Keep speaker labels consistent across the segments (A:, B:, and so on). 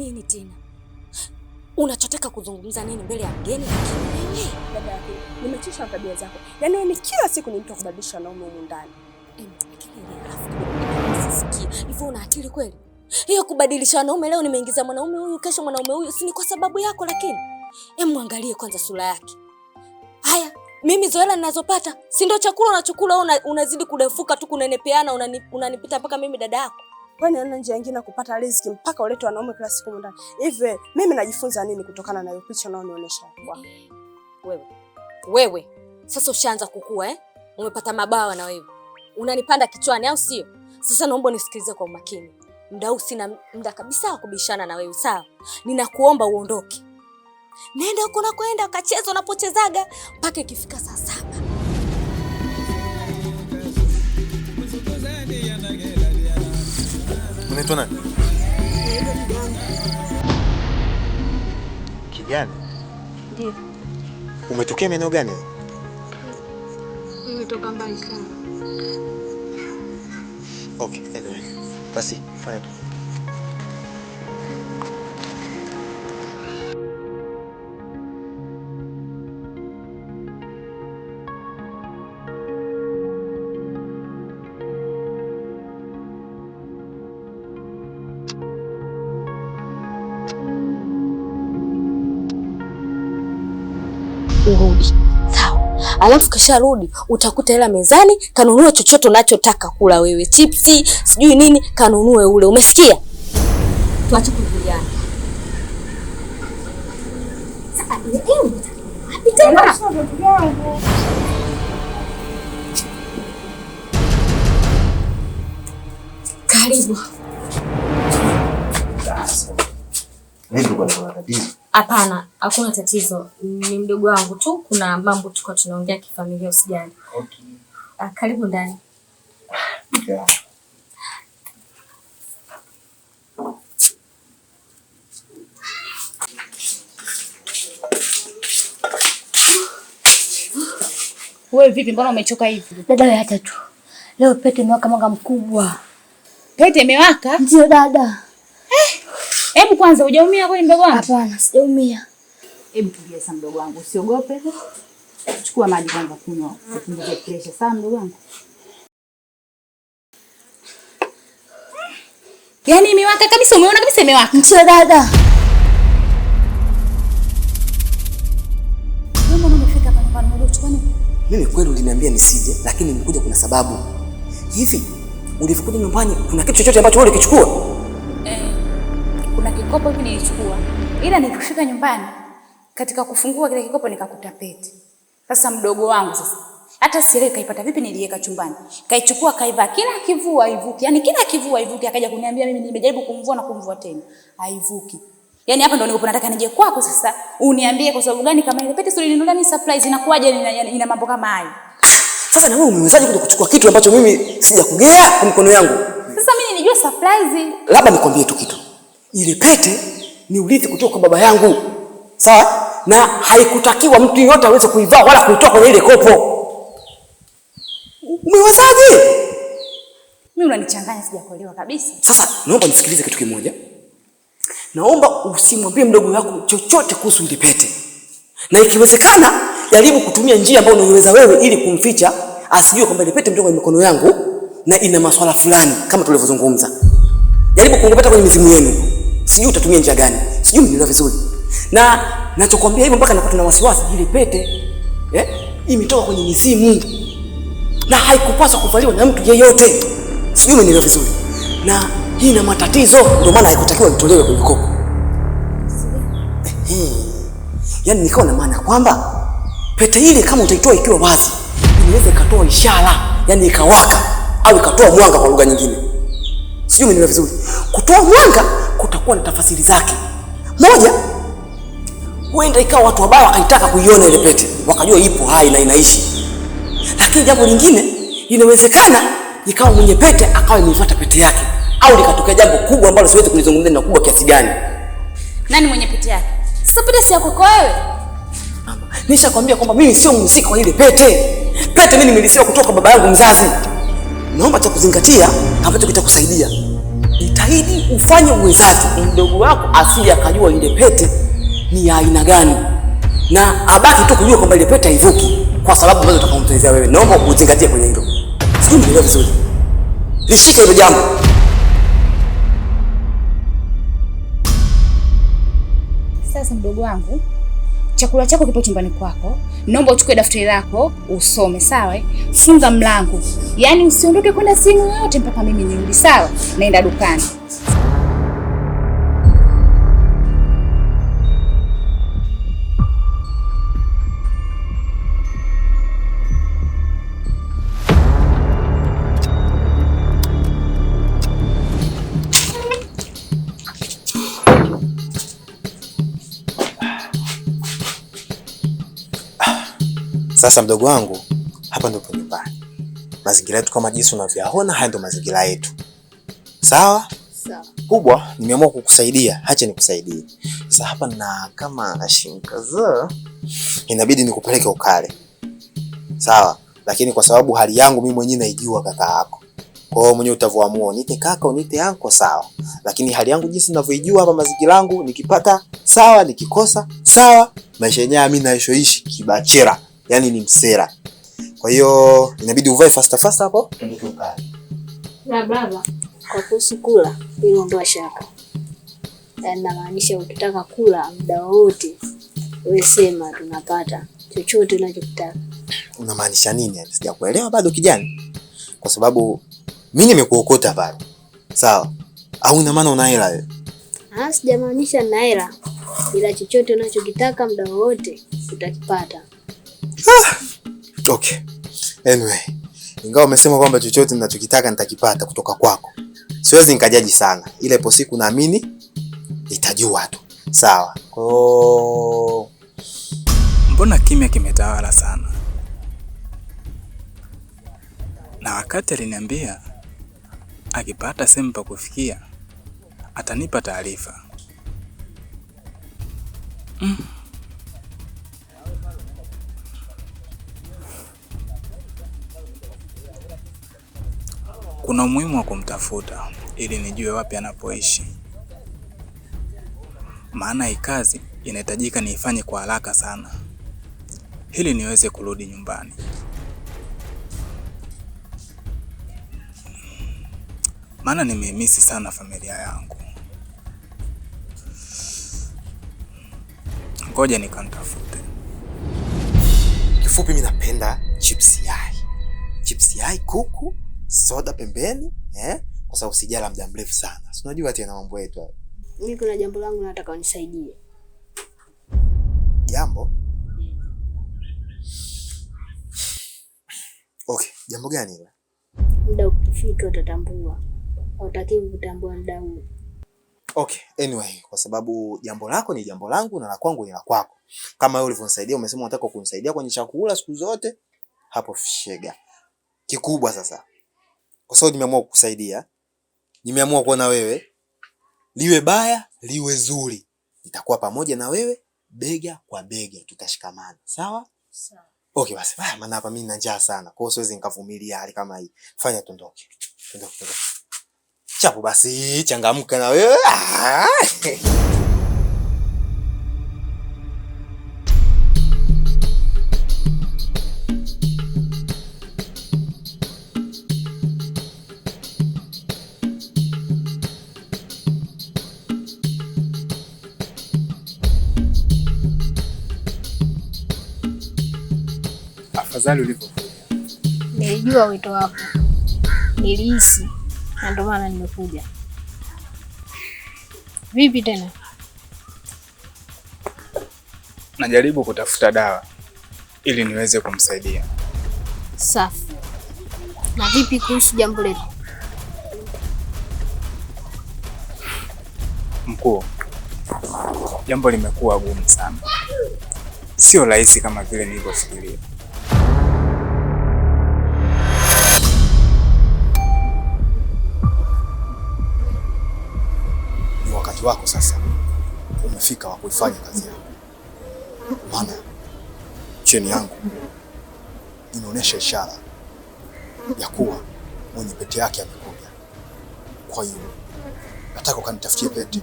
A: nini tena? Unachotaka kuzungumza nini mbele ya mgeni?
B: Dada tabia zako. Yaani wewe kila siku ni mtu kubadilisha wanaume humu ndani.
A: Hivyo una akili kweli? Hiyo kubadilisha wanaume, leo nimeingiza mwanaume huyu, kesho mwanaume huyu, si ni kwa sababu yako? Lakini hebu angalie kwanza sura yake. Haya, mimi zoela ninazopata si ndio chakula unachokula, unazidi kudefuka tu kunenepeana, unanipita mpaka mimi dada yako
B: wewe unaona njia nyingine kupata riziki mpaka ulete wanaume kila siku ndani. Hivi mimi najifunza nini kutokana na hiyo picha unaonionyesha kwa
A: Wewe. Wewe. Sasa ushaanza kukua eh? Umepata mabawa na wewe. Unanipanda kichwani au sio? Sasa naomba nisikilize kwa umakini. Muda huu sina muda kabisa wa kubishana na wewe, sawa? Ninakuomba uondoke. Nenda uko nakoenda ukacheza unapochezaga mpaka ikifika saa saba
C: Unaitwa nani? Kijana? Ndio. Umetokea maeneo gani?
D: Nimetoka mbali sana.
C: Okay, anyway. Basi, fine.
A: kurudi sawa. Alafu rudi utakuta hela mezani, kanunue chochote unachotaka kula wewe, chipsi sijui nini, kanunue ule. Umesikia? tuache kujuliana eh, eh, yaani karibu Hapana, hakuna tatizo, ni mdogo wangu tu, kuna mambo tuko tunaongea kifamilia, usijali. Okay. Ah, karibu ndani. we Wewe vipi, mbona umechoka hivi? Dada hata tu leo pete imewaka mwanga mkubwa. Pete imewaka? Ndio dada. Hebu kwanza hujaumia kweli mdogo wangu? Hapana, sijaumia. Hebu tulia sana mdogo wangu, usiogope. Chukua maji kwanza kunywa. Upunguze presha sana mdogo wangu. Yaani imewaka kabisa, umeona kabisa imewaka. Mzee dada.
C: Mimi kweli uliniambia nisije, lakini nimekuja kuna sababu. Hivi ulivyokuja nyumbani kuna kitu chochote ambacho wewe ulikichukua?
A: kuna kikopo hivi nilichukua, ila niliposhika nyumbani, katika kufungua kile kikopo nikakuta pete. Sasa mdogo wangu sasa hata sielewi kaipata vipi, niliweka chumbani, kaichukua kaivaa, kila kivua ivuki, yani kila kivua ivuki. Akaja kuniambia mimi nimejaribu kumvua na kumvua tena haivuki. Yani hapa ndo nilipo nataka nije kwako sasa uniambie kwa sababu gani, kama ile pete sio ninunulia ni surprise, inakuwaje? Ina, ina, ina mambo kama hayo.
C: Sasa na wewe umewezaje kuja kuchukua kitu ambacho mimi sija kugea kwa mkono yangu?
A: Sasa mimi nilijua surprise,
C: labda nikwambie tu kitu ile pete ni urithi kutoka kwa baba yangu, sawa? Na haikutakiwa mtu yoyote aweze kuivaa wala kuitoa kwenye ile kopo. Umewazaje?
A: Mimi unanichanganya, sijakuelewa kabisa.
C: Sasa naomba nisikilize kitu kimoja, naomba usimwambie mdogo wako chochote kuhusu ile pete, na ikiwezekana jaribu kutumia njia ambayo unaiweza wewe, ili kumficha asijue kwamba ile pete mtoka kwenye mikono yangu na ina maswala fulani kama tulivyozungumza. Jaribu kungopata kwenye mizimu yenu. Sijui utatumia njia gani, sijui mnielewa vizuri, na nachokwambia hivyo mpaka napata na wasiwasi. Ile pete eh, imetoka kwenye mizimu na haikupaswa kuvaliwa na mtu yeyote, sijui mnielewa vizuri, na hii ina matatizo, ndio maana haikutakiwa itolewe kwenye kopo. Eh, yaani nikawa na maana kwamba pete ile kama utaitoa ikiwa wazi, inaweza ikatoa ishara, yani ikawaka au ikatoa mwanga, kwa lugha nyingine, sijui mnielewa vizuri, kutoa mwanga kutakuwa na tafasiri zake. Moja, huenda ikawa watu wabaya wakaitaka kuiona ile pete, wakajua ipo hai na inaishi. Lakini jambo lingine, inawezekana ikawa mwenye pete akawa imefuata pete yake, au likatokea jambo kubwa ambalo siwezi kulizungumzia na kubwa kiasi gani.
A: Nani mwenye pete yake? Sasa pete si yako wewe.
C: nishakwambia kwamba mimi sio mhusika wa ile pete. Pete mimi nimelisiwa kutoka baba yangu mzazi. Naomba cha kuzingatia ambacho kitakusaidia jitahidi ufanye uwezavyo, mdogo wako asije akajua ile pete ni ya aina gani, na abaki tu kujua kwamba ile pete haivuki kwa sababu ambazo utakamtezea wewe. Naomba uzingatie kwenye hilo, sikuni nielewa vizuri, lishike hilo jambo.
A: Sasa mdogo wangu chakula chako kipo chumbani kwako, naomba uchukue daftari lako usome, sawa? Eh? Funga mlango, yaani usiondoke kwenda sehemu yoyote mpaka mimi nirudi, sawa? Naenda dukani.
C: Sasa mdogo wangu, hapa ndo ndipo nyumbani, mazingira yetu kama jinsi unavyoona, haya ndio mazingira yetu. Sawa kubwa, nimeamua kukusaidia, acha nikusaidie. Sasa hapa na kama shinkaza, inabidi nikupeleke ukale, sawa, lakini kwa sababu hali yangu mimi mwenyewe naijua, kaka yako kwa hiyo mwenyewe utavyoamua unite kaka unite anko sawa, lakini hali yangu jinsi ninavyoijua hapa mazingira yangu, nikipata sawa, nikikosa sawa. Maisha yenyewe mimi naishoishi kibachera yani ni msera. Kwa hiyo inabidi uvae fasta fasta hapo
D: na baba, kwa kuhusu kula, ili ndo shaka, yaani namaanisha ukitaka kula muda wowote wewe sema, tunapata chochote unachotaka.
C: Unamaanisha nini? Yaani sijakuelewa bado kijana, kwa sababu mi nimekuokota pale, sawa? Au ina maana una hela wewe?
D: Ah, sijamaanisha na hela, ila chochote unachokitaka muda wowote utakipata
C: nitoke. Anyway, ingawa umesema kwamba chochote ninachokitaka nitakipata kutoka kwako, siwezi nikajaji sana, ila ipo siku naamini nitajua tu. Sawa.
E: Mbona kimya kimetawala sana? Na wakati aliniambia akipata sehemu pa kufikia atanipa taarifa mm. kuna umuhimu wa kumtafuta ili nijue wapi anapoishi, maana hii kazi inahitajika niifanye kwa haraka sana ili niweze kurudi nyumbani. Maana nimeimisi sana familia yangu. Ngoja nikamtafute.
C: Kifupi, mimi napenda chips yai, chips yai kuku soda pembeni eh, kwa sababu sijala muda mrefu sana. Si unajua tena mambo yetu hayo.
D: Mimi kuna jambo langu nataka unisaidie.
C: Jambo? Okay, jambo gani hilo?
D: Muda ukifika utatambua. Hautaki kutambua muda huu.
C: Okay, anyway, kwa sababu jambo lako ni jambo langu na la kwangu ni la kwako. Kama wewe ulivyonisaidia, umesema unataka kunisaidia kwenye chakula siku zote, hapo shega. Kikubwa sasa kwa sababu nimeamua kukusaidia, nimeamua kuwa na wewe, liwe baya liwe zuri, nitakuwa pamoja na wewe bega kwa bega, tutashikamana sawa? Sawa. Okay basi, haya, maana hapa mimi nina njaa sana, kwa hiyo siwezi nikavumilia hali kama hii. Fanya Tuondoke, tuondoke. Chapo basi, changamka na wewe.
E: hospitali ulivyokuja.
D: Nilijua wito wako, nilihisi na ndio maana nimekuja. Vipi tena?
E: Najaribu kutafuta dawa ili niweze kumsaidia.
D: Safi. Na vipi kuhusu jambo letu?
E: Mkuu, jambo limekuwa gumu sana, sio rahisi kama vile nilivyofikiria.
C: wakati wako sasa umefika wa kuifanya kazi yako, maana cheni yangu imeonyesha ishara ya kuwa mwenye pete yake amekuja. Kwa hiyo nataka ukanitafutie pete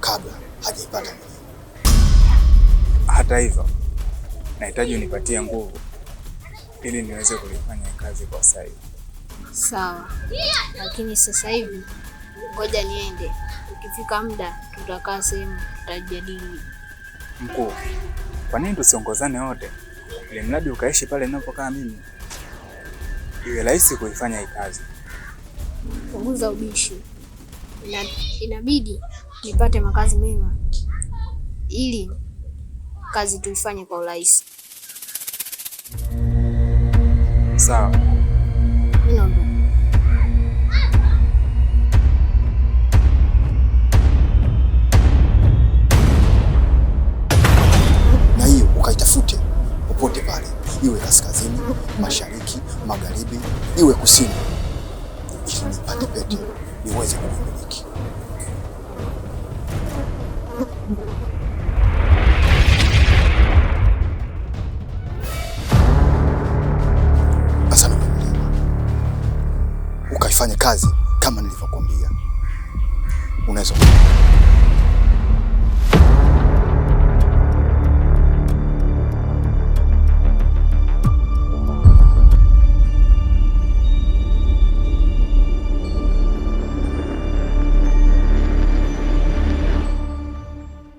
C: kabla hajaipata mwenyewe.
E: Hata hivyo, nahitaji unipatie nguvu ili niweze kulifanya kazi kwa sahihi.
D: Sawa, lakini sasa hivi ngoja niende. Ukifika muda tutakaa sehemu tutajadili.
E: Mkuu, kwa nini tusiongozane wote, ili mradi ukaishi pale ninapokaa mimi, iwe rahisi kuifanya hii kazi.
D: Punguza ubishi. inabidi nipate makazi mema ili kazi tuifanye kwa urahisi.
E: Sawa.
C: ifanye kazi kama nilivyokuambia. Unaweza